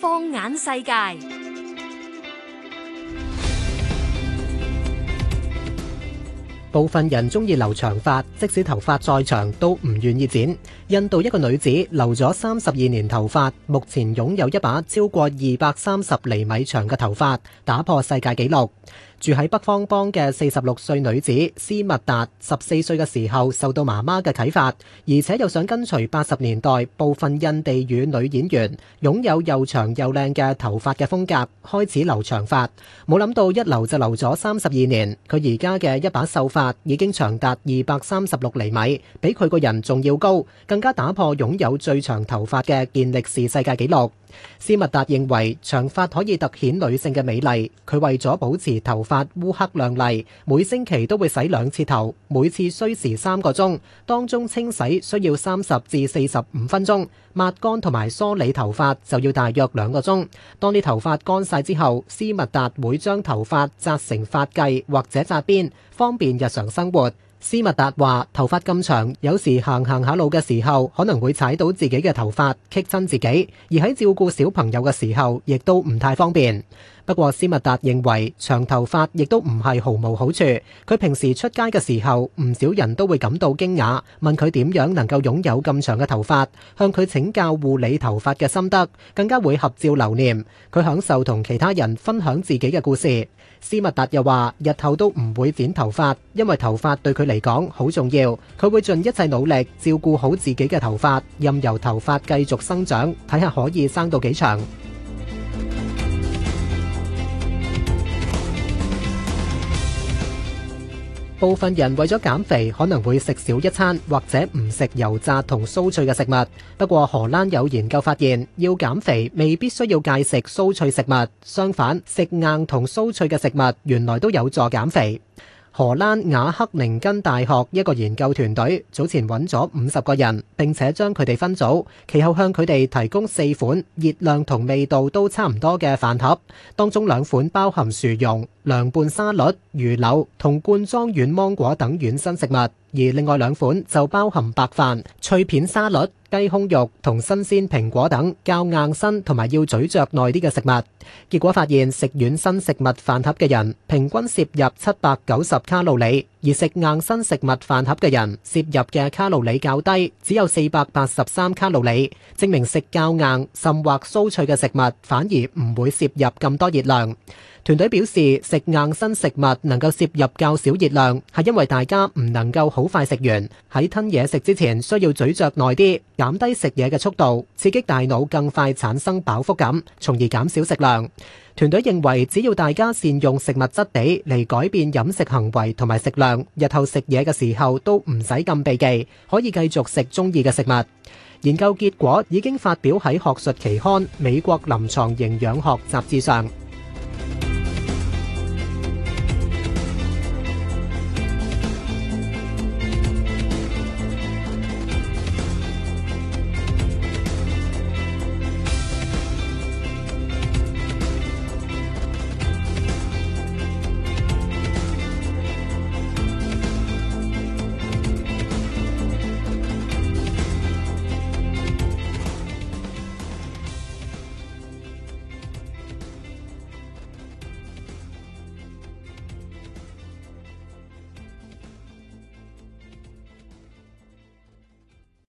放眼世界。部分人中意留長髮，即使頭髮再長都唔願意剪。印度一個女子留咗三十二年頭髮，目前擁有一把超過二百三十厘米長嘅頭髮，打破世界紀錄。住喺北方邦嘅四十六歲女子斯密達，十四歲嘅時候受到媽媽嘅啟發，而且又想跟隨八十年代部分印地語女演員擁有又長又靚嘅頭髮嘅風格，開始留長髮。冇諗到一留就留咗三十二年，佢而家嘅一把秀髮，已經長達二百三十六厘米，比佢個人仲要高，更加打破擁有最長頭髮嘅健力士世界紀錄。斯密達認為長髮可以突顯女性嘅美麗。佢為咗保持頭髮烏黑亮麗，每星期都會洗兩次頭，每次需時三個鐘。當中清洗需要三十至四十五分鐘，抹乾同埋梳理頭髮就要大約兩個鐘。當你頭髮乾晒之後，斯密達會將頭髮紮成髮髻或者紮辮，方便日常生活。斯密達話：頭髮咁長，有時行行下路嘅時候，可能會踩到自己嘅頭髮，棘親自己；而喺照顧小朋友嘅時候，亦都唔太方便。不過，斯密達認為長頭髮亦都唔係毫無好處。佢平時出街嘅時候，唔少人都會感到驚訝，問佢點樣能夠擁有咁長嘅頭髮，向佢請教護理頭髮嘅心得，更加會合照留念。佢享受同其他人分享自己嘅故事。斯密達又話：日後都唔會剪頭髮，因為頭髮對佢嚟嚟講，好重要，佢會盡一切努力照顧好自己嘅頭髮，任由頭髮繼續生長，睇下可以生到幾長。 部分人為咗減肥，可能會食少一餐或者唔食油炸同酥脆嘅食物。不過，荷蘭有研究發現，要減肥未必需要戒食酥脆食物，相反，食硬同酥脆嘅食物原來都有助減肥。荷蘭瓦克寧根大學一個研究團隊早前揾咗五十個人，並且將佢哋分組，其後向佢哋提供四款熱量同味道都差唔多嘅飯盒，當中兩款包含薯蓉、涼拌沙律、魚柳同罐裝軟芒果等軟身食物。而另外兩款就包含白飯、脆片、沙律、雞胸肉同新鮮蘋果等較硬身同埋要咀嚼耐啲嘅食物。結果發現食軟身食物飯盒嘅人，平均攝入七百九十卡路里。而食硬身食物飯盒嘅人，攝入嘅卡路里較低，只有四百八十三卡路里，證明食較硬、甚或酥脆嘅食物，反而唔會攝入咁多熱量。團隊表示，食硬身食物能夠攝入較少熱量，係因為大家唔能夠好快食完，喺吞嘢食之前需要咀嚼耐啲，減低食嘢嘅速度，刺激大腦更快產生飽腹感，從而減少食量。團隊認為，只要大家善用食物質地嚟改變飲食行為同埋食量，日後食嘢嘅時候都唔使咁避忌，可以繼續食鍾意嘅食物。研究結果已經發表喺學術期刊《美國臨床營養學雜誌》上。